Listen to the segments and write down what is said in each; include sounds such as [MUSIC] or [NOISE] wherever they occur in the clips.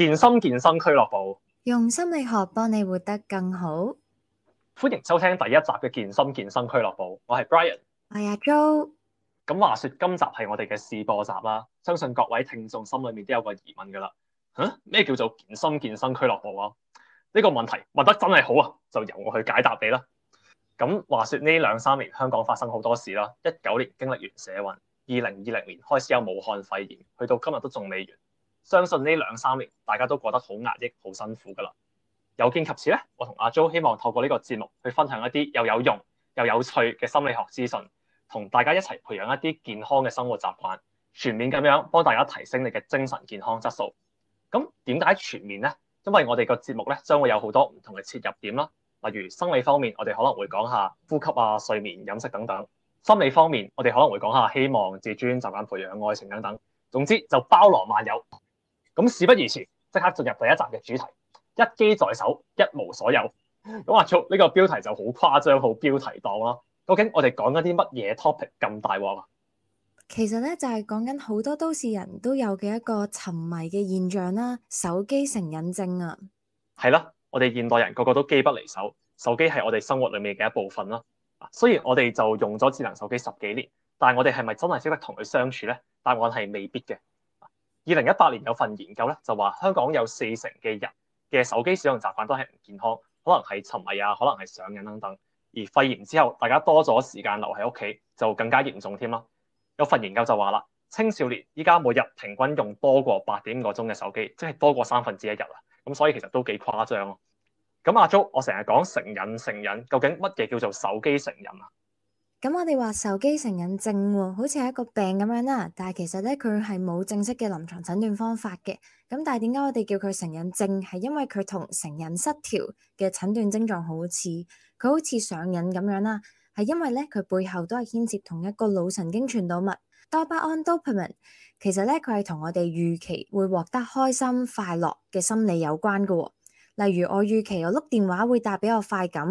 健心健身俱樂部，用心理學幫你活得更好。歡迎收聽第一集嘅健心健身俱樂部，我係 Brian，我係阿 Joe。咁話說今集係我哋嘅試播集啦，啊，相信各位聽眾心裏面都有個疑問噶啦，吓、啊、咩叫做健心健身俱樂部啊？呢、呢個問題問得真係好啊，就由我去解答你啦。咁話說呢兩三年香港發生好多事啦，一九年經歷完社運，二零二零年開始有武漢肺炎，去到今日都仲未完。相信呢兩三年大家都過得好壓抑、好辛苦㗎啦。有見及此咧，我同阿 Jo 希望透過呢個節目去分享一啲又有用又有趣嘅心理學資訊，同大家一齊培養一啲健康嘅生活習慣，全面咁樣幫大家提升你嘅精神健康質素。咁點解全面咧？因為我哋個節目咧將會有好多唔同嘅切入點啦，例如生理方面，我哋可能會講下呼吸啊、睡眠、飲食等等；心理方面，我哋可能會講下希望、自尊、習慣、培養、愛情等等。總之就包羅萬有。咁事不宜遲，即刻進入第一集嘅主題。一機在手，一無所有。咁話出呢個標題就好誇張，好標題黨咯。究竟我哋講緊啲乜嘢 topic 咁大鑊啊？其實咧就係講緊好多都市人都有嘅一個沉迷嘅現象啦，手機成癮症啊。係啦，我哋現代人個個都機不離手，手機係我哋生活裏面嘅一部分啦。雖然我哋就用咗智能手機十幾年，但係我哋係咪真係識得同佢相處咧？答案係未必嘅。二零一八年有份研究咧就話香港有四成嘅人嘅手機使用習慣都係唔健康，可能係沉迷啊，可能係上癮等等。而肺炎之後，大家多咗時間留喺屋企，就更加嚴重添啦。有份研究就話啦，青少年依家每日平均用多過八點五個鐘嘅手機，即係多過三分之一日啦。咁所以其實都幾誇張咯。咁阿朱，我成日講成癮成癮，究竟乜嘢叫做手機成癮啊？咁我哋話手機成癮症、哦，好似係一個病咁樣啦、啊，但係其實咧佢係冇正式嘅臨床診斷方法嘅。咁但係點解我哋叫佢成癮症？係因為佢同成癮失調嘅診斷症狀好似，佢好似上癮咁樣啦、啊。係因為咧佢背後都係牽涉同一個腦神經傳導物多巴胺 （dopamine）。其實咧佢係同我哋預期會獲得開心快樂嘅心理有關噶、哦。例如我預期我碌電話會帶俾我快感。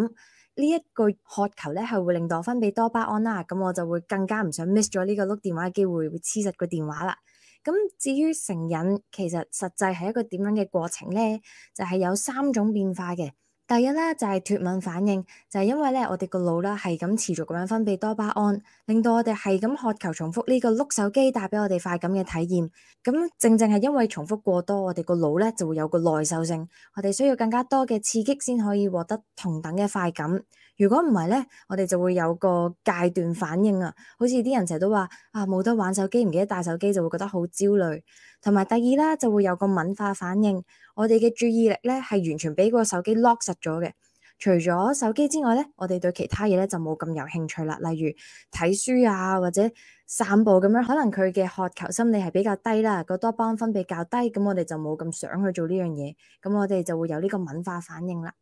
呢一句渴求咧，係會令到我分泌多巴胺啦，咁我就會更加唔想 miss 咗呢個碌電話嘅機會，會黐實個電話啦。咁至於成癮，其實實際係一個點樣嘅過程咧？就係有三種變化嘅。第一呢就係脫敏反應，就係因為呢，我哋個腦呢係咁持續咁樣分泌多巴胺，令到我哋係咁渴求重複呢個碌手機帶俾我哋快感嘅體驗。咁正正係因為重複過多，我哋個腦呢就會有個耐受性，我哋需要更加多嘅刺激先可以獲得同等嘅快感。如果唔係呢，我哋就會有個戒斷反應啊，好似啲人成日都話啊，冇得玩手機，唔記得帶手機就會覺得好焦慮。同埋第二呢就會有個敏化反應。我哋嘅注意力咧，係完全俾嗰個手機 lock 實咗嘅。除咗手機之外咧，我哋對其他嘢咧就冇咁有興趣啦。例如睇書啊，或者散步咁樣，可能佢嘅渴求心理係比較低啦，個多巴胺分泌比較低，咁我哋就冇咁想去做呢樣嘢。咁我哋就會有呢個敏化反應啦。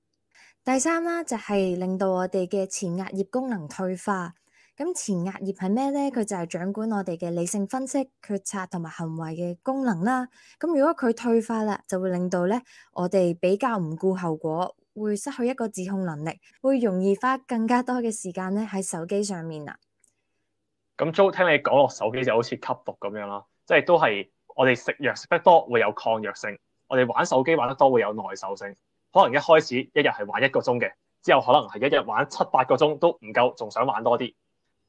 第三啦，就係令到我哋嘅前額葉功能退化。咁前額葉係咩咧？佢就係掌管我哋嘅理性分析、決策同埋行為嘅功能啦。咁如果佢退化啦，就會令到咧我哋比較唔顧後果，會失去一個自控能力，會容易花更加多嘅時間咧喺手機上面啊。咁 Jo，聽你講落手機就好似吸毒咁樣咯，即係都係我哋食藥食得多會有抗藥性，我哋玩手機玩得多會有耐受性。可能一開始一日係玩一個鐘嘅，之後可能係一日玩七八個鐘都唔夠，仲想玩多啲。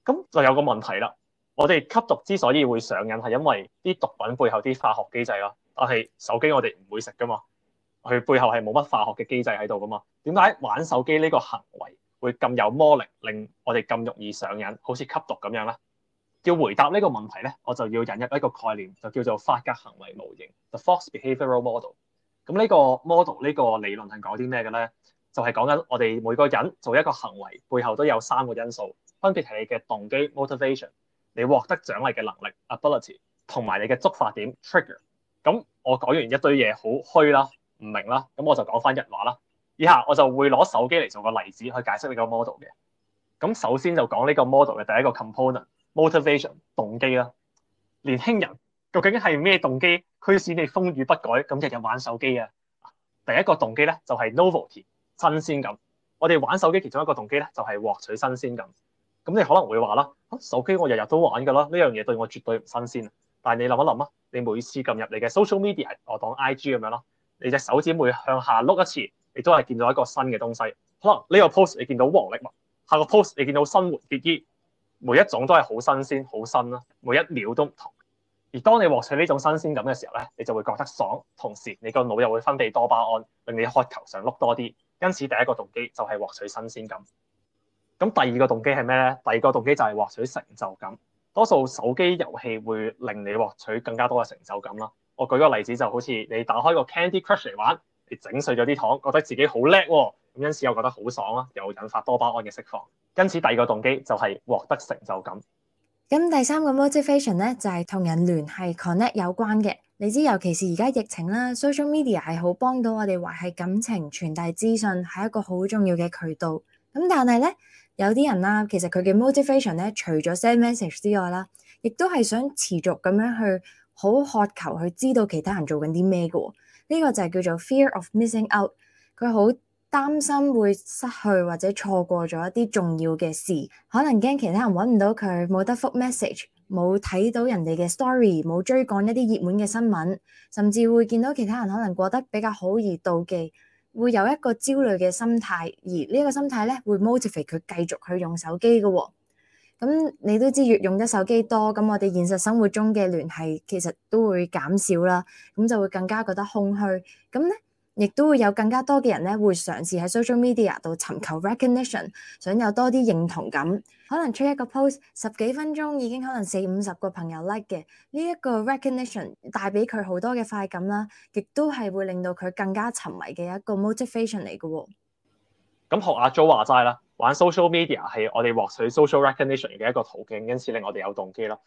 咁就有個問題啦。我哋吸毒之所以會上癮，係因為啲毒品背後啲化學機制咯。但係手機我哋唔會食噶嘛，佢背後係冇乜化學嘅機制喺度噶嘛。點解玩手機呢個行為會咁有魔力，令我哋咁容易上癮，好似吸毒咁樣咧？要回答呢個問題咧，我就要引入一個概念，就叫做發格行為模型 （The Fogg Behavioral Model）。咁呢個 model 呢個理論係講啲咩嘅咧？就係講緊我哋每個人做一個行為背後都有三個因素。分別係你嘅動機 motivation，你獲得獎勵嘅能力 ability，同埋你嘅觸發點 trigger。咁我講完一堆嘢好虛啦，唔明啦，咁我就講翻人話啦。以下我就會攞手機嚟做個例子去解釋呢個 model 嘅。咁首先就講呢個 model 嘅第一個 component，motivation 動機啦。年輕人究竟係咩動機驅使你風雨不改咁日日玩手機啊？第一個動機咧就係 novelty 新鮮感。我哋玩手機其中一個動機咧就係獲取新鮮感。咁你可能會話啦，手機我日日都玩噶啦，呢樣嘢對我絕對唔新鮮。但係你諗一諗啊，你每次撳入你嘅 social media，我當 IG 咁樣咯，你隻手指每向下碌一次，你都係見到一個新嘅東西。可能呢個 post 你見到黃力文，下個 post 你見到生活結衣，每一種都係好新鮮，好新啦，每一秒都唔同。而當你獲取呢種新鮮感嘅時候咧，你就會覺得爽，同時你個腦又會分泌多巴胺，令你渴求上碌多啲。因此第一個動機就係獲取新鮮感。咁第二個動機係咩咧？第二個動機就係獲取成就感。多數手機遊戲會令你獲取更加多嘅成就感啦。我舉個例子就好似你打開個 Candy Crush 嚟玩，你整碎咗啲糖，覺得自己好叻喎，咁因此又覺得好爽啦，又引發多巴胺嘅釋放。因此第二個動機就係獲得成就感。咁第三個 motivation 咧就係、是、同人聯繫 connect 有關嘅。你知尤其是而家疫情啦，social media 係好幫到我哋維係感情、傳遞資訊係一個好重要嘅渠道。咁但係咧？有啲人啦，其實佢嘅 motivation 咧，除咗 send message 之外啦，亦都係想持續咁樣去好渴求去知道其他人做緊啲咩嘅。呢個就係叫做 fear of missing out。佢好擔心會失去或者錯過咗一啲重要嘅事，可能驚其他人揾唔到佢，冇得覆 message，冇睇到人哋嘅 story，冇追趕一啲熱門嘅新聞，甚至會見到其他人可能過得比較好而妒忌。會有一個焦慮嘅心態，而呢一個心態呢會 motivate 佢繼續去用手機嘅哦。咁你都知越用得手機多，咁我哋現實生活中嘅聯繫其實都會減少啦，咁就會更加覺得空虛。咁呢。亦都會有更加多嘅人咧，會嘗試喺 social media 度尋求 recognition，想有多啲認同感。可能出一個 post，十幾分鐘已經可能四五十個朋友 like 嘅，呢一個 recognition 帶俾佢好多嘅快感啦，亦都係會令到佢更加沉迷嘅一個 motivation 嚟嘅喎。咁學阿 Jo 話齋啦，玩 social media 係我哋獲取 social recognition 嘅一個途徑，因此令我哋有動機咯。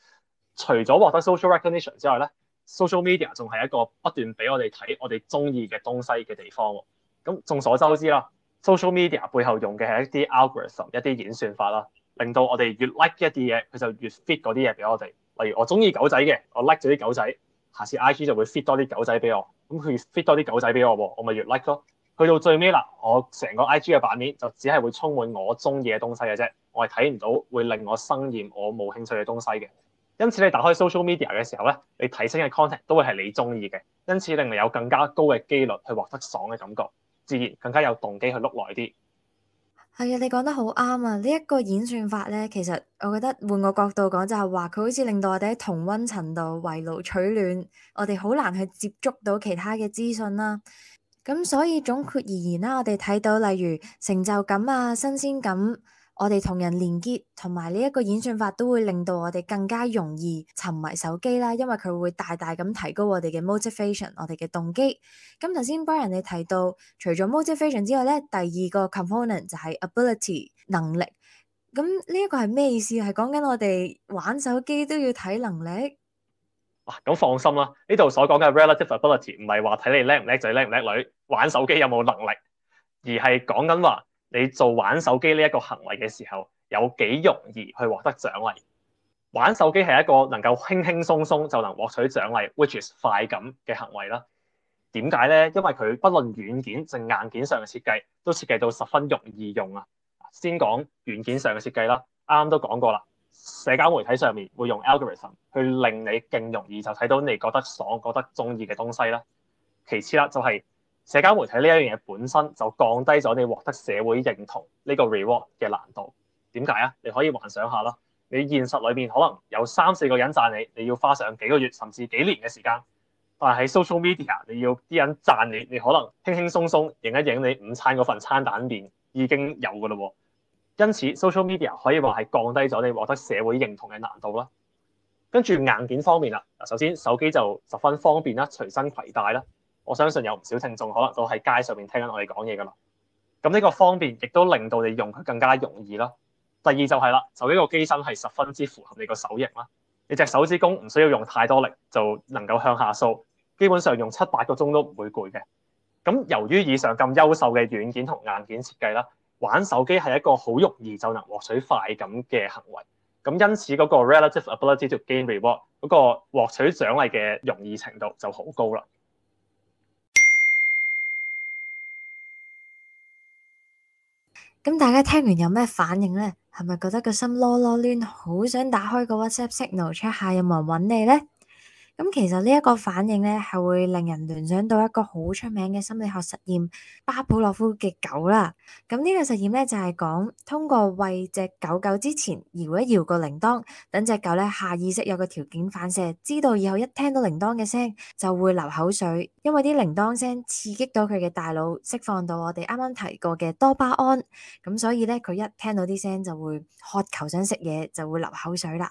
除咗獲得 social recognition 之外咧。Social media 仲係一個不斷俾我哋睇我哋中意嘅東西嘅地方，哦。咁眾所周知啦，Social media 背後用嘅係一啲 algorithm，一啲演算法啦，令到我哋越 like 一啲嘢，佢就越 fit 嗰啲嘢俾我哋。例如我中意狗仔嘅，我 like 咗啲狗仔，下次 IG 就會 fit 多啲狗仔俾我。咁佢越 fit 多啲狗仔俾我，我咪越 like 咯。去到最尾啦，我成個 IG 嘅版面就只係會充滿我中意嘅東西嘅啫，我係睇唔到會令我生厭我冇興趣嘅東西嘅。因此你打開 social media 嘅時候咧，你睇清嘅 content 都會係你中意嘅，因此令你有更加高嘅機率去獲得爽嘅感覺，自然更加有動機去碌耐啲。係啊，你講得好啱啊！呢、這、一個演算法咧，其實我覺得換個角度講就係話，佢好似令到我哋喺同温層度圍爐取暖，我哋好難去接觸到其他嘅資訊啦、啊。咁所以總括而言啦，我哋睇到例如成就感啊、新鮮感。我哋同人連結，同埋呢一個演算法都會令到我哋更加容易沉迷手機啦，因為佢會大大咁提高我哋嘅 motivation，我哋嘅動機。咁頭先 Brian 你提到，除咗 motivation 之外咧，第二個 component 就係 ability，能力。咁呢一個係咩意思？係講緊我哋玩手機都要睇能力。哇、啊，咁放心啦，呢度所講嘅 relative ability 唔係話睇你叻唔叻仔叻唔叻女玩手機有冇能力，而係講緊話。你做玩手機呢一個行為嘅時候，有幾容易去獲得獎勵？玩手機係一個能夠輕輕鬆鬆就能獲取獎勵，which is 快感嘅行為啦。點解咧？因為佢不論軟件定硬件上嘅設計，都設計到十分容易用啊。先講軟件上嘅設計啦，啱啱都講過啦。社交媒體上面會用 algorithm 去令你更容易就睇到你覺得爽、覺得中意嘅東西啦。其次啦，就係，就係。社交媒體呢一樣嘢本身就降低咗你獲得社會認同呢個 reward 嘅難度。點解啊？你可以幻想下啦。你現實裏面可能有三四個人讚你，你要花上幾個月甚至幾年嘅時間。但喺 social media，你要啲人讚你，你可能輕輕鬆鬆影一影你午餐嗰份餐蛋麵已經有㗎啦。因此，social media 可以話係降低咗你獲得社會認同嘅難度啦。跟住硬件方面啦，首先手機就十分方便啦，隨身攜帶啦。我相信有唔少聽眾可能都喺街上面聽緊我哋講嘢㗎啦。咁呢個方便亦都令到你用佢更加容易啦。第二就係啦，手機個機身係十分之符合你個手型啦。你隻手指公唔需要用太多力，就能夠向下掃，基本上用七八個鐘都唔會攰嘅。咁由於以上咁優秀嘅軟件同硬件設計啦，玩手機係一個好容易就能獲取快感嘅行為。咁因此嗰個 relative ability to gain reward 嗰個獲取獎勵嘅容易程度就好高啦。咁大家聽完有咩反應呢？係咪覺得個心囉囉攣，好想打開個 WhatsApp Signal check 下有冇人搵你呢？咁其實呢一個反應呢，係會令人聯想到一個好出名嘅心理學實驗——巴普洛夫嘅狗啦。咁呢個實驗呢，就係講，通過餵隻狗狗之前搖一搖個鈴鐺，等隻狗呢下意識有個條件反射，知道以後一聽到鈴鐺嘅聲就會流口水，因為啲鈴鐺聲刺激到佢嘅大腦釋放到我哋啱啱提過嘅多巴胺。咁所以呢，佢一聽到啲聲就會渴求想食嘢，就會流口水啦。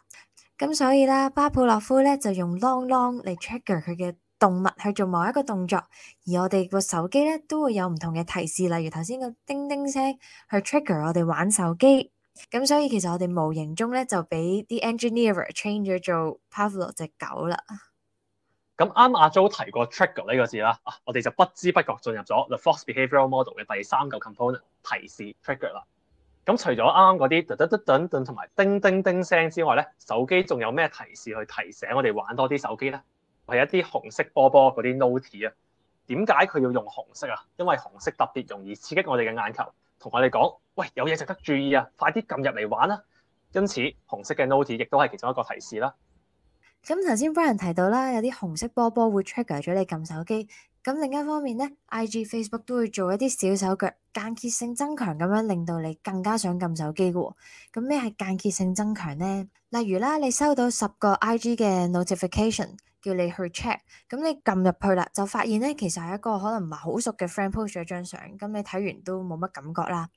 咁所以咧，巴普洛夫咧就用 long long 嚟 trigger 佢嘅動物去做某一個動作，而我哋個手機咧都會有唔同嘅提示，例如頭先個叮叮聲去 trigger 我哋玩手機。咁所以其實我哋無形中咧就俾啲 engineer train 咗做巴普洛隻狗啦。咁啱阿 Jo 提過 trigger 呢個字啦，啊，我哋就不知不覺進入咗 the Fogg behavioral model 嘅第三個 component 提示 trigger 啦。Tr 咁、嗯、除咗啱啱嗰啲噔噔噔噔同埋叮叮叮聲之外咧，手機仲有咩提示去提醒我哋玩多啲手機咧？係、就是、一啲紅色波波嗰啲 note 啊，點解佢要用紅色啊？因為紅色特別容易刺激我哋嘅眼球，同我哋講：喂，有嘢值得注意啊，快啲撳入嚟玩啦！因此紅色嘅 note 亦都係其中一個提示啦。咁頭先 Brian 提到啦，有啲紅色波波會 trigger 咗你撳手機。咁另一方面呢，IG Facebook 都會做一啲小手腳，間歇性增強咁樣，令到你更加想撳手機嘅喎、哦。咁咩係間歇性增強呢？例如啦，你收到十個 IG 嘅 notification，叫你去 check，咁你撳入去啦，就發現呢，其實係一個可能唔係好熟嘅 friend post 咗張相，咁你睇完都冇乜感覺啦。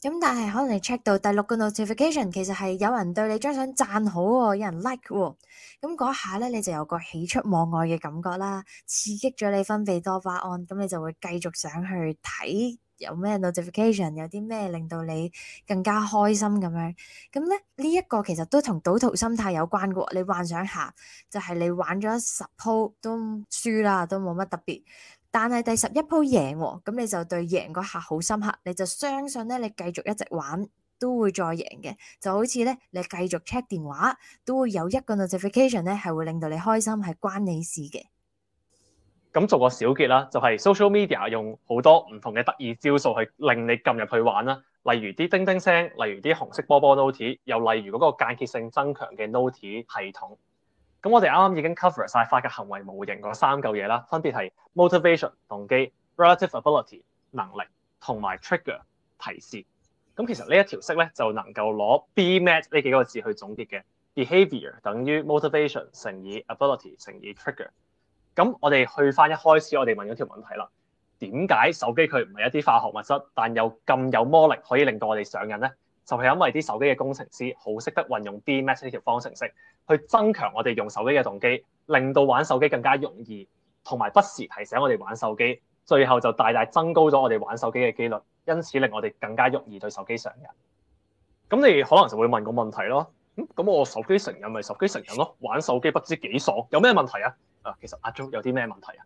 咁但係可能你 check 到第六個 notification，其實係有人對你張相讚好喎，有人 like 喎，咁嗰下咧，你就有個喜出望外嘅感覺啦，刺激咗你分泌多巴胺，咁你就會繼續想去睇有咩 notification，有啲咩令到你更加開心咁樣。咁咧呢一個其實都同賭徒心態有關嘅，你幻想下，就係你玩咗十鋪都輸啦，都冇乜特別。但係第十一鋪贏喎，咁你就對贏個客好深刻，你就相信咧，你繼續一直玩都會再贏嘅，就好似咧，你繼續 check 電話都會有一個 notification 咧，係會令到你開心，係關你事嘅。咁做個小結啦，就係、係、social media 用好多唔同嘅得意招數去令你撳入去玩啦，例如啲叮叮聲，例如啲紅色波波 note，又例如嗰個間歇性增強嘅 note 系統。咁我哋啱啱已經 cover 晒發覺行為模型嗰三嚿嘢啦，分別係 motivation 動機、relative ability 能力同埋 trigger 提示。咁其實呢一條式咧，就能夠攞 B-MAT 呢幾個字去總結嘅 behaviour 等於 motivation 乘以 ability 乘以 trigger。咁我哋去翻一開始我哋問咗條問題啦，點解手機佢唔係一啲化學物質，但又咁有魔力可以令到我哋上癮咧？就係、是、因為啲手機嘅工程師好識得運用 B-MAT 呢條方程式。去增強我哋用手機嘅動機，令到玩手機更加容易，同埋不時提醒我哋玩手機，最後就大大增高咗我哋玩手機嘅機率，因此令我哋更加容易對手機上癮。咁你可能就會問個問題咯，咁、嗯、我手機成癮咪手機成癮咯，玩手機不知幾爽，有咩問題啊？啊，其實阿 Jo 有啲咩問題啊？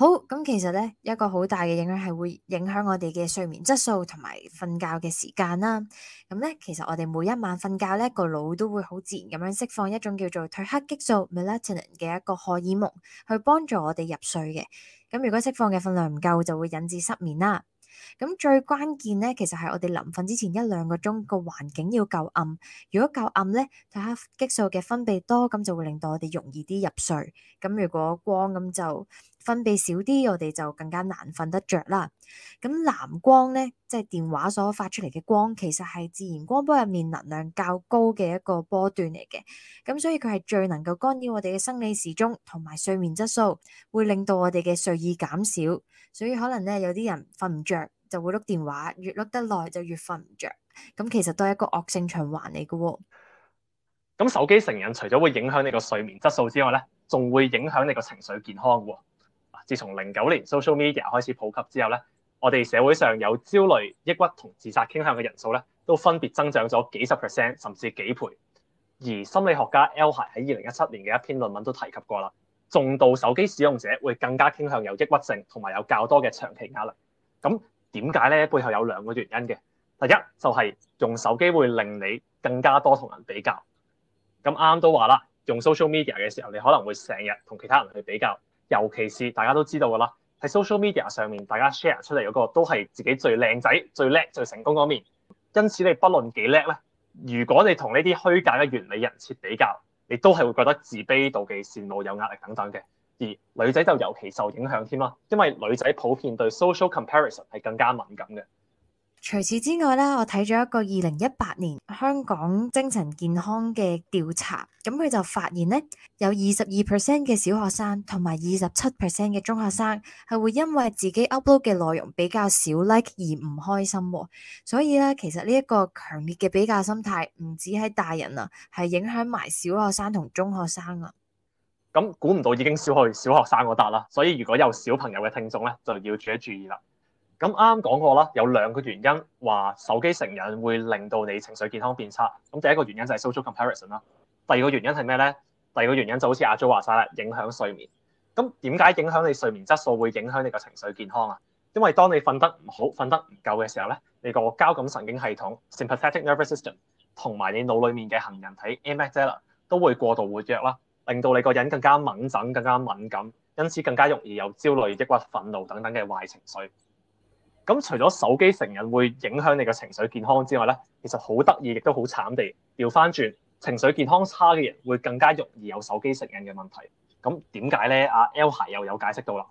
好咁，其實咧一個好大嘅影響係會影響我哋嘅睡眠質素同埋瞓覺嘅時間啦。咁咧，其實我哋每一晚瞓覺咧個腦都會好自然咁樣釋放一種叫做褪黑激素 melatonin 嘅一個荷爾蒙，去幫助我哋入睡嘅。咁如果釋放嘅分量唔夠，就會引致失眠啦。咁最關鍵咧，其實係我哋臨瞓之前一兩個鐘，這個環境要夠暗。如果夠暗咧，褪黑激素嘅分泌多，咁就會令到我哋容易啲入睡。咁如果光咁就分泌少啲，我哋就更加難瞓得着啦。咁藍光呢，即係電話所發出嚟嘅光，其實係自然光波入面能量較高嘅一個波段嚟嘅。咁所以佢係最能夠干擾我哋嘅生理時鐘同埋睡眠質素，會令到我哋嘅睡意減少。所以可能咧，有啲人瞓唔着就會碌電話，越碌得耐就越瞓唔着。咁其實都係一個惡性循環嚟嘅。咁手機成癮除咗會影響你個睡眠質素之外咧，仲會影響你個情緒健康嘅。自從零九年 social media 開始普及之後咧，我哋社會上有焦慮、抑鬱同自殺傾向嘅人數咧，都分別增長咗幾十 percent 甚至幾倍。而心理學家 Elhai 喺二零一七年嘅一篇論文都提及過啦，重度手機使用者會更加傾向有抑鬱症同埋有較多嘅長期壓力。咁點解咧？背後有兩個原因嘅。第一就係用手機會令你更加多同人比較。咁啱都話啦，用 social media 嘅時候，你可能會成日同其他人去比較。尤其是大家都知道噶啦，喺 social media 上面大家 share 出嚟嗰個都係自己最靚仔、最叻、最成功嗰面。因此你不論幾叻咧，如果你同呢啲虛假嘅完美人設比較，你都係會覺得自卑、妒忌、羨慕、有壓力等等嘅。而女仔就尤其受影響添啦，因為女仔普遍對 social comparison 係更加敏感嘅。除此之外咧，我睇咗一個二零一八年香港精神健康嘅調查，咁、嗯、佢就發現咧，有二十二 percent 嘅小學生同埋二十七 percent 嘅中學生係會因為自己 upload 嘅內容比較少 like 而唔開心。所以咧，其實呢一個強烈嘅比較心態唔止喺大人啊，係影響埋小學生同中學生啊。咁估唔到已經少去小學生嗰笪啦，所以如果有小朋友嘅聽眾咧，就要注意啦。咁啱啱講過啦，有兩個原因話手機成癮會令到你情緒健康變差。咁第一個原因就係 social comparison 啦。第二個原因係咩咧？第二個原因就好似阿 jo 話晒啦，影響睡眠。咁點解影響你睡眠質素會影響你個情緒健康啊？因為當你瞓得唔好、瞓得唔夠嘅時候咧，你個交感神經系統 （sympathetic nervous system） 同埋你腦裡面嘅杏仁體 （amygdala） 都會過度活躍啦，令到你個人更加敏感、更加敏感，因此更加容易有焦慮、抑鬱、憤怒等等嘅壞情緒。咁除咗手機成癮會影響你嘅情緒健康之外咧，其實好得意亦都好慘地掉翻轉，情緒健康差嘅人會更加容易有手機成癮嘅問題。咁點解咧？阿 Elia 又有解釋到啦，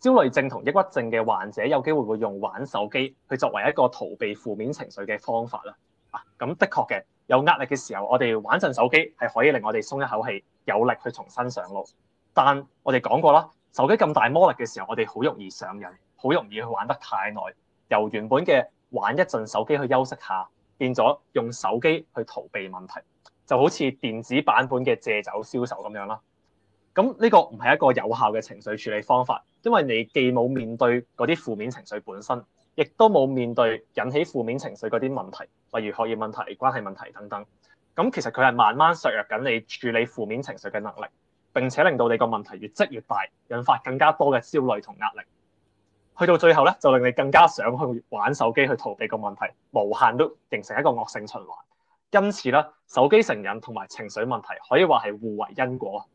焦慮症同抑鬱症嘅患者有機會會用玩手機去作為一個逃避負面情緒嘅方法啦。啊，咁的確嘅，有壓力嘅時候，我哋玩陣手機係可以令我哋鬆一口氣，有力去重新上路。但我哋講過啦，手機咁大魔力嘅時候，我哋好容易上癮，好容易去玩得太耐。由原本嘅玩一陣手機去休息下，變咗用手機去逃避問題，就好似電子版本嘅借酒消愁咁樣啦。咁呢個唔係一個有效嘅情緒處理方法，因為你既冇面對嗰啲負面情緒本身，亦都冇面對引起負面情緒嗰啲問題，例如學業問題、關係問題等等。咁其實佢係慢慢削弱緊你處理負面情緒嘅能力，並且令到你個問題越積越大，引發更加多嘅焦慮同壓力。去到最後咧，就令你更加想去玩手機去逃避個問題，無限都形成一個惡性循環。因此咧，手機成癮同埋情緒問題可以話係互為因果。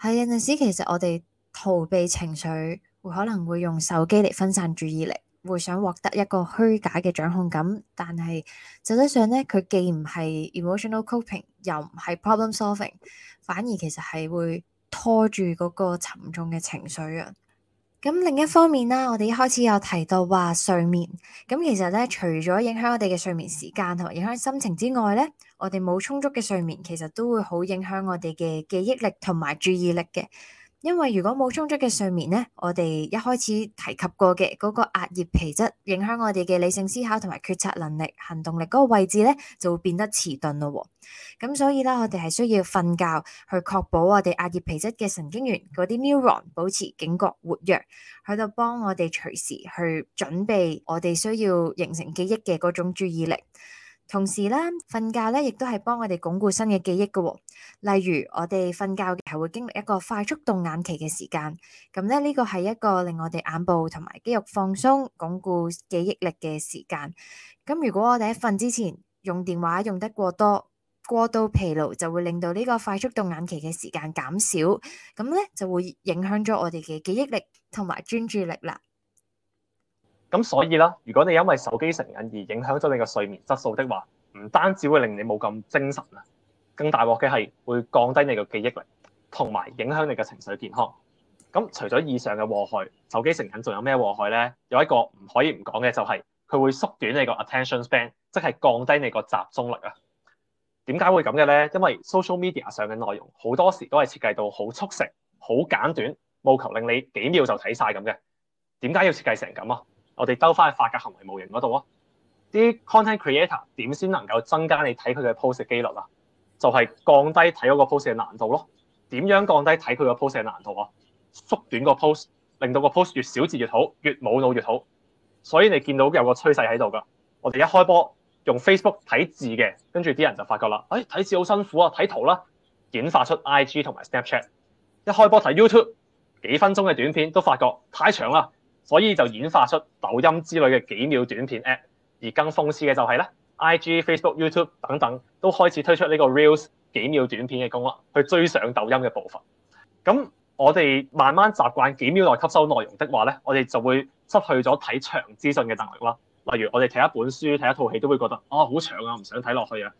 係有陣時，其實我哋逃避情緒，會可能會用手機嚟分散注意力，會想獲得一個虛假嘅掌控感。但係實際上咧，佢既唔係 emotional coping，又唔係 problem solving，反而其實係會拖住嗰個沉重嘅情緒啊。咁另一方面啦，我哋一開始有提到話睡眠，咁其實咧，除咗影響我哋嘅睡眠時間同埋影響心情之外咧，我哋冇充足嘅睡眠，其實都會好影響我哋嘅記憶力同埋注意力嘅。因為如果冇充足嘅睡眠呢，我哋一開始提及過嘅嗰個額葉皮質影響我哋嘅理性思考同埋決策能力、行動力嗰個位置呢，就會變得遲鈍咯，哦。咁所以咧，我哋係需要瞓覺去確保我哋額葉皮質嘅神經元嗰啲 neuron 保持警覺活躍，喺度幫我哋隨時去準備我哋需要形成記憶嘅嗰種注意力。同時咧，瞓覺咧亦都係幫我哋鞏固新嘅記憶嘅喎、哦。例如我哋瞓覺嘅時候會經歷一個快速動眼期嘅時間，咁咧呢、呢個係一個令我哋眼部同埋肌肉放鬆、鞏固記憶力嘅時間。咁如果我哋喺瞓之前用電話用得過多、過度疲勞，就會令到呢個快速動眼期嘅時間減少，咁咧就會影響咗我哋嘅記憶力同埋專注力啦。咁所以啦，如果你因為手機成癮而影響咗你個睡眠質素的話，唔單止會令你冇咁精神啊，更大鑊嘅係會降低你個記憶力，同埋影響你嘅情緒健康。咁除咗以上嘅禍害，手機成癮仲有咩禍害咧？有一個唔可以唔講嘅就係，佢會縮短你個 attention span，即係降低你個集中力啊。點解會咁嘅咧？因為 social media 上嘅內容好多時都係設計到好速食、好簡短，務求令你幾秒就睇晒咁嘅。點解要設計成咁啊？我哋兜翻去發嘅行為模型嗰度啊，啲 content creator 點先能夠增加你睇佢嘅 post 嘅機率啊？就係降低睇嗰個 post 嘅難度咯。點樣降低睇佢個 post 嘅難度啊？縮短個 post，令到個 post 越小字越好，越冇腦越好。所以你見到有個趨勢喺度㗎。我哋一開波用 Facebook 睇字嘅，跟住啲人就發覺啦，誒、哎、睇字好辛苦啊，睇圖啦，演化出 IG 同埋 Snapchat。一開波睇 YouTube，幾分鐘嘅短片都發覺太長啦。所以就演化出抖音之類嘅幾秒短片 app，而更諷刺嘅就係咧，I G、IG, Facebook、YouTube 等等都開始推出呢個 reels 幾秒短片嘅功能，去追上抖音嘅步伐。咁我哋慢慢習慣幾秒內吸收內容的話咧，我哋就會失去咗睇長資訊嘅能力啦。例如我哋睇一本書、睇一套戲都會覺得啊好、哦、長啊，唔想睇落去啊。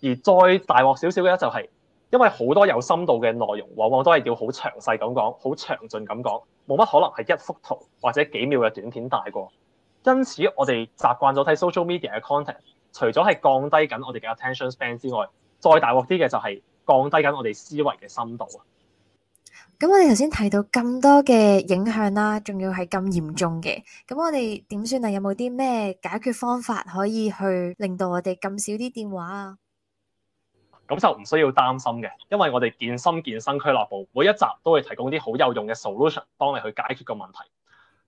而再大鑊少少嘅就係、是，因為好多有深度嘅內容往往都係要好詳細咁講、好詳盡咁講。冇乜可能係一幅圖或者幾秒嘅短片大過，因此我哋習慣咗睇 social media 嘅 content，除咗係降低緊我哋嘅 attention span 之外，再大鑊啲嘅就係降低緊我哋思維嘅深度啊！咁我哋頭先提到咁多嘅影響啦，仲要係咁嚴重嘅，咁我哋點算啊？有冇啲咩解決方法可以去令到我哋撳少啲電話啊？咁就唔需要擔心嘅，因為我哋健身健身俱樂部每一集都會提供啲好有用嘅 solution 幫你去解決個問題。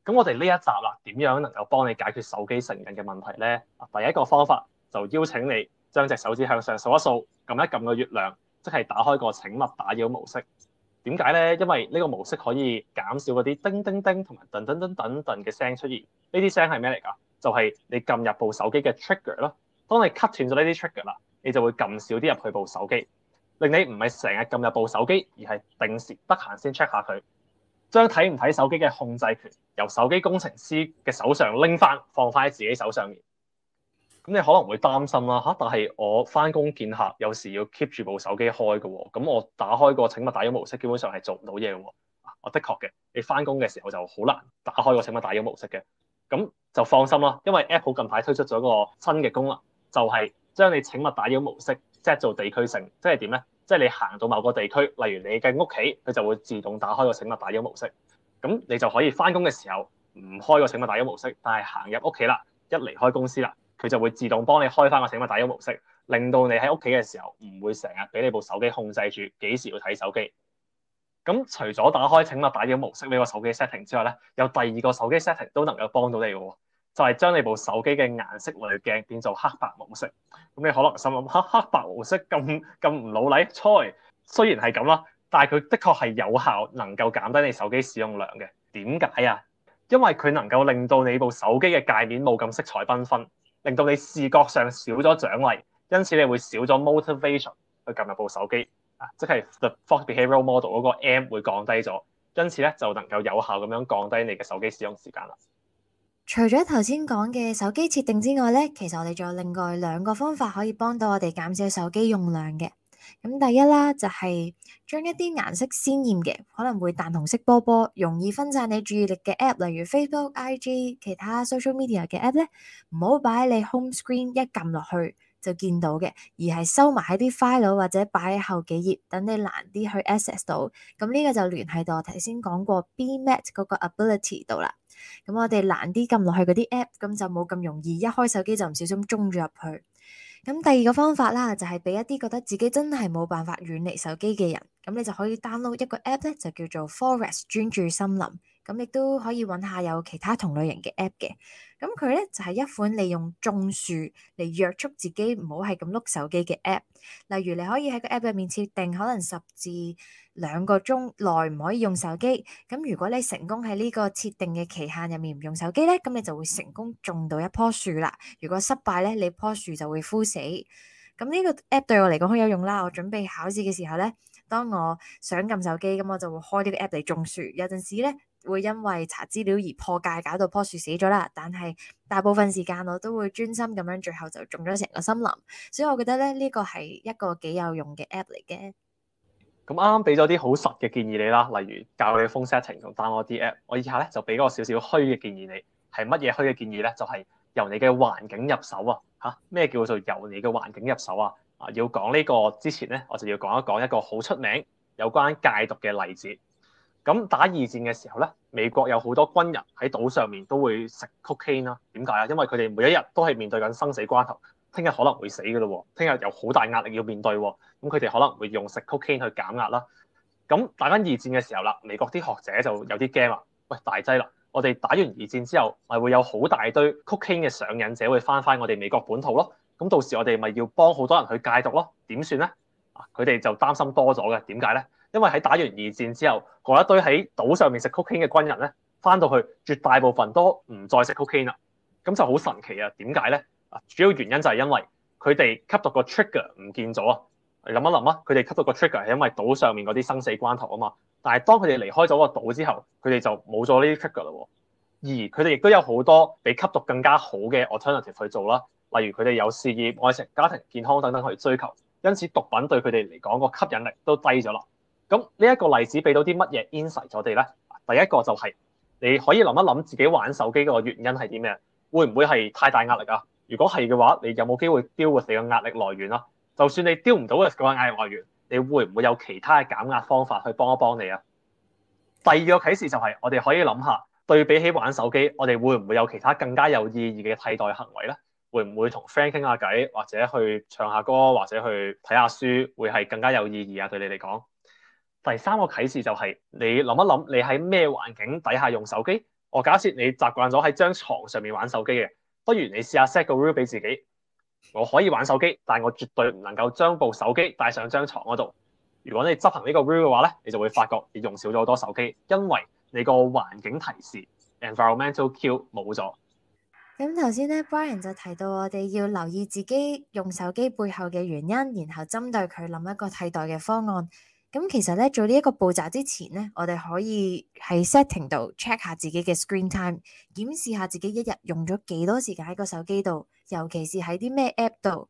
咁我哋呢一集啦，點樣能夠幫你解決手機成癮嘅問題咧？第一個方法就邀請你將隻手指向上掃一掃，撳一撳個月亮，即係打開個請勿打擾模式。點解咧？因為呢個模式可以減少嗰啲叮叮叮同埋噔噔噔噔噔嘅聲出現。呢啲聲係咩嚟㗎？就係、是、你撳入部手機嘅 trigger 咯。當你 cut 斷咗呢啲 trigger 啦。你就會撳少啲入去部手機，令你唔係成日撳入部手機，而係定時得閒先 check 下佢，將睇唔睇手機嘅控制權由手機工程師嘅手上拎翻放翻喺自己手上面。咁你可能會擔心啦吓、啊，但係我翻工見客有時要 keep 住部手機開嘅喎，咁我打開個請勿打擾模式，基本上係做唔到嘢喎。我的確嘅，你翻工嘅時候就好難打開個請勿打擾模式嘅，咁就放心啦，因為 Apple 近排推出咗一個新嘅功能，就係、是。將你請勿打擾模式 set 做地區性，即係點咧？即係你行到某個地區，例如你嘅屋企，佢就會自動打開個請勿打擾模式。咁你就可以翻工嘅時候唔開個請勿打擾模式，但係行入屋企啦，一離開公司啦，佢就會自動幫你開翻個請勿打擾模式，令到你喺屋企嘅時候唔會成日俾你部手機控制住幾時要睇手機。咁除咗打開請勿打擾模式呢個手機 setting 之外咧，有第二個手機 setting 都能夠幫到你嘅喎。就係將你部手機嘅顏色濾鏡變做黑白模式。咁你可能心諗黑黑白模式咁咁唔老嚟，雖然係咁啦，但係佢的確係有效能夠減低你手機使用量嘅。點解啊？因為佢能夠令到你部手機嘅界面冇咁色彩繽紛，令到你視覺上少咗獎勵，因此你會少咗 motivation 去撳入部手機啊，即係 the Fogg Behavior Model 嗰個 M 會降低咗，因此咧就能夠有效咁樣降低你嘅手機使用時間啦。除咗頭先講嘅手機設定之外咧，其實我哋仲有另外兩個方法可以幫到我哋減少手機用量嘅。咁、嗯、第一啦，就係、是、將一啲顏色鮮艷嘅，可能會淡紅色波波，容易分散你注意力嘅 app，例如 Facebook、IG，其他 social media 嘅 app 咧，唔好擺你 home screen 一撳落去就見到嘅，而係收埋喺啲 file 或者擺喺後幾頁，等你難啲去 access 到。咁、嗯、呢、這個就聯繫到我頭先講過 B=MAT 嗰個 ability 度啦。咁我哋難啲撳落去嗰啲 app，咁就冇咁容易，一開手機就唔小心中咗入去。咁第二個方法啦，就係、是、俾一啲覺得自己真係冇辦法遠離手機嘅人，咁你就可以 download 一個 app 咧，就叫做 Forest 專注森林。咁亦都可以揾下有其他同類型嘅 app 嘅，咁佢呢就係一款利用種樹嚟約束自己唔好係咁碌手機嘅 app。例如你可以喺個 app 入面設定可能十至兩個鐘內唔可以用手機。咁如果你成功喺呢個設定嘅期限入面唔用手機呢，咁你就會成功種到一棵樹啦。如果失敗呢，你樖樹就會枯死。咁呢個 app 對我嚟講好有用啦。我準備考試嘅時候呢，當我想撳手機，咁我就會開呢個 app 嚟種樹。有陣時呢，會因為查資料而破戒，搞到棵樹死咗啦。但係大部分時間我都會專心咁樣，最後就種咗成個森林。所以我覺得咧，呢個係一個幾有用嘅 app 嚟嘅。咁啱啱俾咗啲好實嘅建議你啦，例如教你 phone setting 同 download 啲 app。我以下咧就俾個少少虛嘅建議你，係乜嘢虛嘅建議咧？就係、是、由你嘅環境入手啊！吓、啊、咩叫做由你嘅環境入手啊？啊，要講呢、這個之前咧，我就要講一講一個好出名有關戒毒嘅例子。咁打二戰嘅時候咧，美國有好多軍人喺島上面都會食 cocaine 啦。點解啊？因為佢哋每一日都係面對緊生死關頭，聽日可能會死噶咯喎，聽日有好大壓力要面對喎。咁佢哋可能會用食 cocaine 去減壓啦。咁打緊二戰嘅時候啦，美國啲學者就有啲驚啦。喂，大劑啦！我哋打完二戰之後，咪會有好大堆 cocaine 嘅上癮者會返返我哋美國本土咯。咁到時我哋咪要幫好多人去戒毒咯？點算咧？啊，佢哋就擔心多咗嘅。點解咧？因為喺打完二戰之後，嗰一堆喺島上面食 cocaine 嘅軍人咧，翻到去絕大部分都唔再食 cocaine 啦。咁就好神奇啊！點解咧？啊，主要原因就係因為佢哋吸毒個 trigger 唔見咗啊！你諗一諗啊，佢哋吸毒個 trigger 係因為島上面嗰啲生死關頭啊嘛。但係當佢哋離開咗個島之後，佢哋就冇咗呢啲 trigger 啦。而佢哋亦都有好多比吸毒更加好嘅 alternative 去做啦，例如佢哋有事業、愛情、家庭、健康等等去追求，因此毒品對佢哋嚟講個吸引力都低咗啦。咁呢一個例子俾到啲乜嘢 insight 我哋咧？第一個就係、是、你可以諗一諗自己玩手機個原因係點嘅，會唔會係太大壓力啊？如果係嘅話，你有冇機會丟個你嘅壓力來源啦、啊？就算你丟唔到嗰個壓力來源，你會唔會有其他嘅減壓方法去幫一幫你啊？第二個啟示就係、是、我哋可以諗下對比起玩手機，我哋會唔會有其他更加有意義嘅替代行為咧？會唔會同 friend 傾下偈，或者去唱下歌，或者去睇下書，會係更加有意義啊？對你嚟講？第三個啟示就係你諗一諗，你喺咩環境底下用手機？我假設你習慣咗喺張床上面玩手機嘅，不如你試下 set 個 rule 俾自己，我可以玩手機，但係我絕對唔能夠將部手機帶上張床嗰度。如果你執行呢個 rule 嘅話咧，你就會發覺你用少咗好多手機，因為你個環境提示 environmental cue 冇咗。咁頭先咧，Brian 就提到我哋要留意自己用手機背後嘅原因，然後針對佢諗一個替代嘅方案。咁其實咧，做呢一個步驟之前咧，我哋可以喺 setting 度 check 下自己嘅 screen time，檢視下自己一日用咗幾多時間喺個手機度，尤其是喺啲咩 app 度。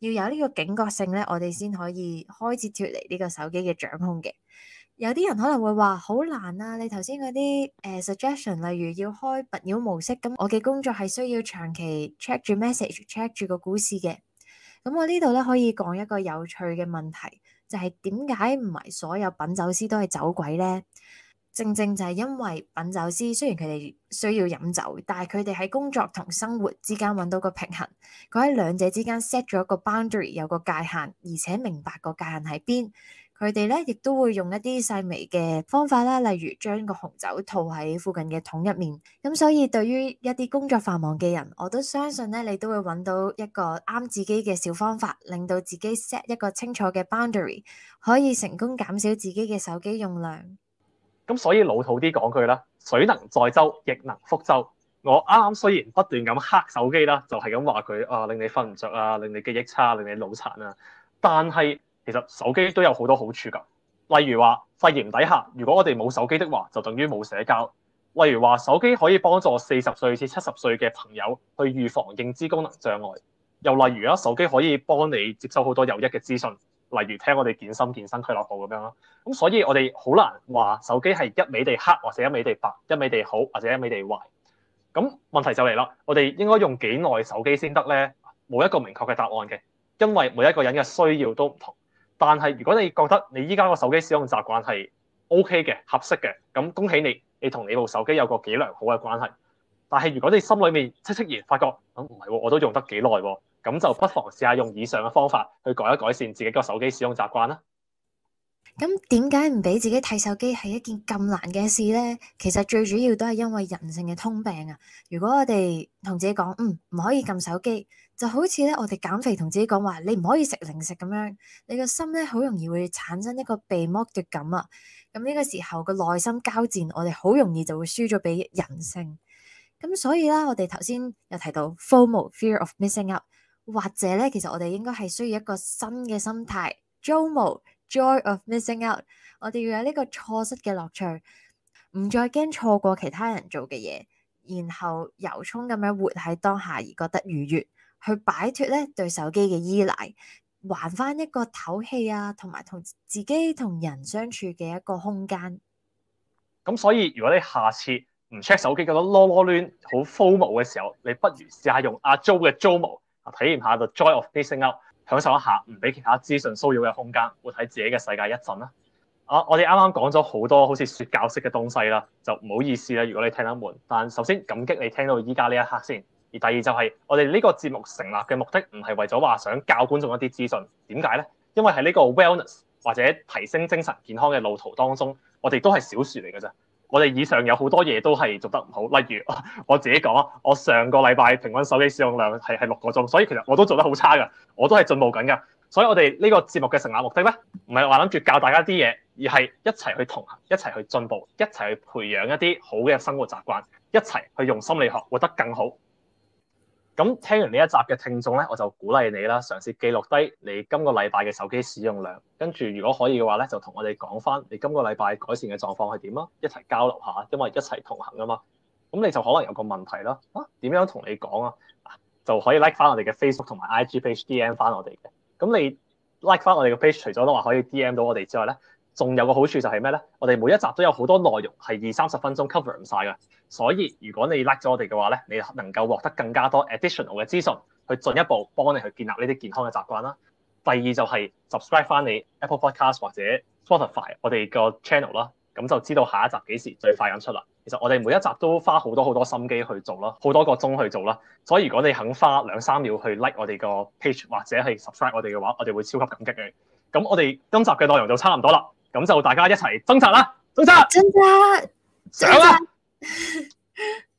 要有呢個警覺性咧，我哋先可以開始脫離呢個手機嘅掌控嘅。有啲人可能會話好難啊！你頭先嗰啲誒 suggestion，例如要開勿擾模式，咁我嘅工作係需要長期 check 住 message、check 住個股市嘅。咁我呢度咧可以講一個有趣嘅問題。就係點解唔係所有品酒師都係酒鬼呢？正正就係因為品酒師雖然佢哋需要飲酒，但係佢哋喺工作同生活之間揾到個平衡，佢喺兩者之間 set 咗一個 boundary，有個界限，而且明白個界限喺邊。佢哋咧亦都會用一啲細微嘅方法啦，例如將個紅酒套喺附近嘅桶入面。咁所以對於一啲工作繁忙嘅人，我都相信咧，你都會揾到一個啱自己嘅小方法，令到自己 set 一個清楚嘅 boundary，可以成功減少自己嘅手機用量。咁所以老土啲講句啦，水能載舟，亦能覆舟。我啱啱雖然不斷咁黑手機啦，就係咁話佢啊，令你瞓唔着啊，令你記憶差，令你腦殘啊，但係，其實手機都有好多好處㗎，例如話肺炎底下，如果我哋冇手機的話，就等於冇社交。例如話手機可以幫助四十歲至七十歲嘅朋友去預防認知功能障礙，又例如啦，手機可以幫你接收好多有益嘅資訊，例如聽我哋健心健身俱樂部咁樣咯。咁所以我哋好難話手機係一味地黑，或者一味地白，一味地好，或者一味地壞。咁問題就嚟啦，我哋應該用幾耐手機先得咧？冇一個明確嘅答案嘅，因為每一個人嘅需要都唔同。但係如果你覺得你依家個手機使用習慣係 OK 嘅、合適嘅，咁恭喜你，你同你部手機有個幾良好嘅關係。但係如果你心裏面戚戚然，發覺咁唔係喎，我都用得幾耐喎，咁就不妨試下用以上嘅方法去改一改善自己個手機使用習慣啦。咁點解唔畀自己睇手機係一件咁難嘅事呢？其實最主要都係因為人性嘅通病啊！如果我哋同自己講，嗯，唔可以撳手機，就好似咧我哋減肥同自己講話，你唔可以食零食咁樣，你個心咧好容易會產生一個被剝奪感啊！咁呢個時候個內心交戰，我哋好容易就會輸咗俾人性。咁所以啦，我哋頭先又提到 f、OM、o r m a l f e a r of missing out），或者咧，其實我哋應該係需要一個新嘅心態 Joy of missing out，我哋要有呢個錯失嘅樂趣，唔再驚錯過其他人做嘅嘢，然後由衷咁樣活喺當下而覺得愉悅，去擺脫咧對手機嘅依賴，還翻一個透氣啊，同埋同自己同人相處嘅一個空間。咁所以，如果你下次唔 check 手機，覺得囉囉攣好 FOMO 嘅時候，你不如試下用阿 Jo 嘅 JOMO，啊，體驗下 the joy of missing out。享受一下唔俾其他資訊騷擾嘅空間，會喺自己嘅世界一陣啦、啊。我我哋啱啱講咗好多好似説教式嘅東西啦，就唔好意思啦。如果你聽得悶，但首先感激你聽到依家呢一刻先。而第二就係、是、我哋呢個節目成立嘅目的，唔係為咗話想教觀眾一啲資訊。點解咧？因為喺呢個 wellness 或者提升精神健康嘅路途當中，我哋都係小樹嚟㗎啫。我哋以上有好多嘢都係做得唔好，例如我自己講啊，我上個禮拜平均手機使用量係係六個鐘，所以其實我都做得好差㗎，我都係進步緊㗎。所以我哋呢個節目嘅成立目的咧，唔係話諗住教大家啲嘢，而係一齊去同行，一齊去進步，一齊去培養一啲好嘅生活習慣，一齊去用心理學活得更好。咁聽完呢一集嘅聽眾咧，我就鼓勵你啦，嘗試記錄低你今個禮拜嘅手機使用量，跟住如果可以嘅話咧，就同我哋講翻你今個禮拜改善嘅狀況係點囉，一齊交流下，因為一齊同行啊嘛。咁你就可能有個問題啦，啊，點樣同你講啊？就可以 like 翻我哋嘅 Facebook 同埋 IG page DM 翻我哋嘅。咁你 like 翻我哋嘅 page，除咗都話可以 DM 到我哋之外咧。仲有個好處就係咩咧？我哋每一集都有好多內容係二三十分鐘 cover 唔晒㗎，所以如果你 like 咗我哋嘅話咧，你能夠獲得更加多 additional 嘅資訊，去進一步幫你去建立呢啲健康嘅習慣啦。第二就係 subscribe 翻你 Apple Podcast 或者 Spotify 我哋個 channel 啦，咁就知道下一集幾時最快噉出啦。其實我哋每一集都花好多好多心機去做咯，好多個鐘去做啦，所以如果你肯花兩三秒去 like 我哋個 page 或者係 subscribe 我哋嘅話，我哋會超級感激你。咁我哋今集嘅內容就差唔多啦。咁就大家一齊掙扎啦，掙扎，掙扎，封殺上啦，啊！ [LAUGHS]